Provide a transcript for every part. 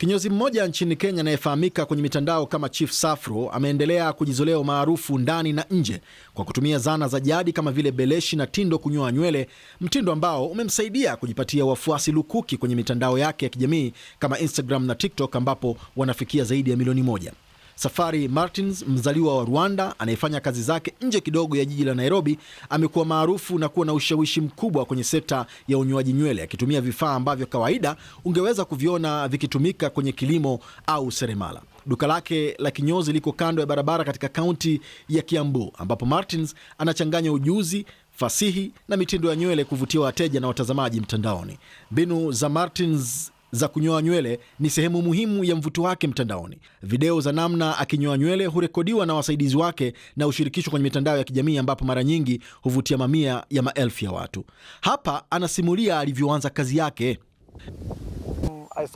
Kinyozi mmoja nchini Kenya anayefahamika kwenye mitandao kama Chief Safro ameendelea kujizolea umaarufu ndani na nje kwa kutumia zana za jadi kama vile beleshi na tindo kunyoa nywele, mtindo ambao umemsaidia kujipatia wafuasi lukuki kwenye mitandao yake ya kijamii kama Instagram na TikTok ambapo wanafikia zaidi ya milioni moja. Safari Martins, mzaliwa wa Rwanda anayefanya kazi zake nje kidogo ya jiji la Nairobi, amekuwa maarufu na kuwa na ushawishi mkubwa kwenye sekta ya unyoaji nywele, akitumia vifaa ambavyo kawaida ungeweza kuviona vikitumika kwenye kilimo au seremala. Duka lake la kinyozi liko kando ya barabara katika kaunti ya Kiambu, ambapo Martins anachanganya ujuzi fasihi na mitindo ya nywele kuvutia wateja na watazamaji mtandaoni. Mbinu za Martins za kunyoa nywele ni sehemu muhimu ya mvuto wake mtandaoni. Video za namna akinyoa nywele hurekodiwa na wasaidizi wake na hushirikishwa kwenye mitandao ya kijamii ambapo mara nyingi huvutia mamia ya maelfu ya watu. Hapa anasimulia alivyoanza kazi yake. I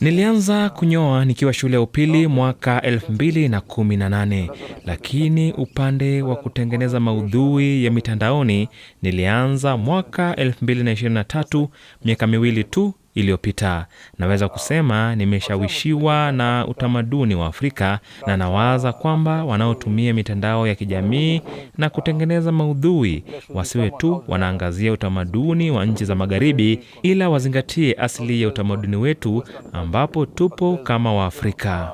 Nilianza kunyoa nikiwa shule ya upili mwaka 2018, lakini upande wa kutengeneza maudhui ya mitandaoni nilianza mwaka 2023, miaka miwili tu iliyopita. Naweza kusema nimeshawishiwa na utamaduni wa Afrika na nawaza kwamba wanaotumia mitandao ya kijamii na kutengeneza maudhui wasiwe tu wanaangazia utamaduni wa nchi za magharibi, ila wazingatie asili ya utamaduni wetu ambapo tupo kama Waafrika.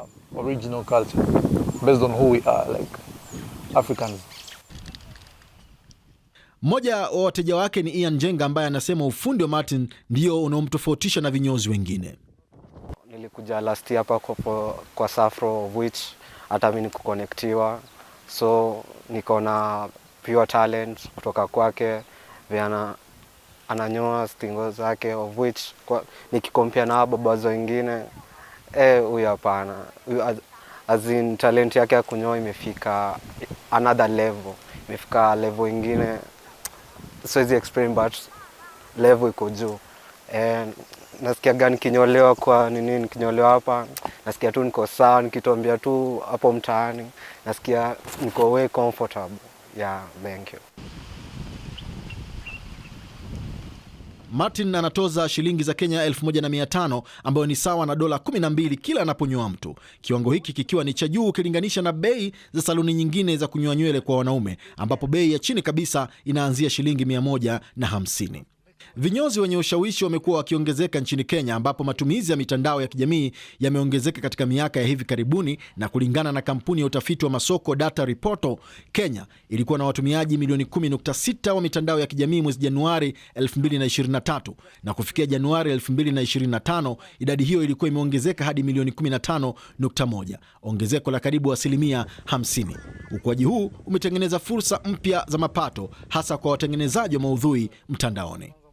Mmoja wa wateja wake ni Ian Jenga ambaye anasema ufundi wa Martin ndio unaomtofautisha na vinyozi wengine. Nilikuja last year hapa kwa, kwa Safro which hata mimi nikukonektiwa, so niko na pure talent kutoka kwake vyana ananyoa stingo zake of which na babazo wengine eh, huyo, e, hapana as in talent yake ya kunyoa imefika another level, imefika level ingine siwezi explain but level iko juu eh, gani nikinyolewa kwa nini, nikinyolewa hapa nasikia tu niko sawa, nikitombia tu hapo mtaani nasikia niko way comfortable. Yeah, thank you. Martin anatoza shilingi za Kenya 1500 ambayo ni sawa na dola 12 kila anaponyoa mtu, kiwango hiki kikiwa ni cha juu ukilinganisha na bei za saluni nyingine za kunyoa nywele kwa wanaume ambapo bei ya chini kabisa inaanzia shilingi 150. Vinyozi wenye ushawishi wamekuwa wakiongezeka nchini Kenya, ambapo matumizi ya mitandao ya kijamii yameongezeka katika miaka ya hivi karibuni. Na kulingana na kampuni ya utafiti wa masoko Data Reporto, Kenya ilikuwa na watumiaji milioni 10.6 wa mitandao ya kijamii mwezi Januari 2023 na kufikia Januari 2025 idadi hiyo ilikuwa imeongezeka hadi milioni 15.1, ongezeko la karibu asilimia 50. Ukuaji huu umetengeneza fursa mpya za mapato hasa kwa watengenezaji wa maudhui mtandaoni.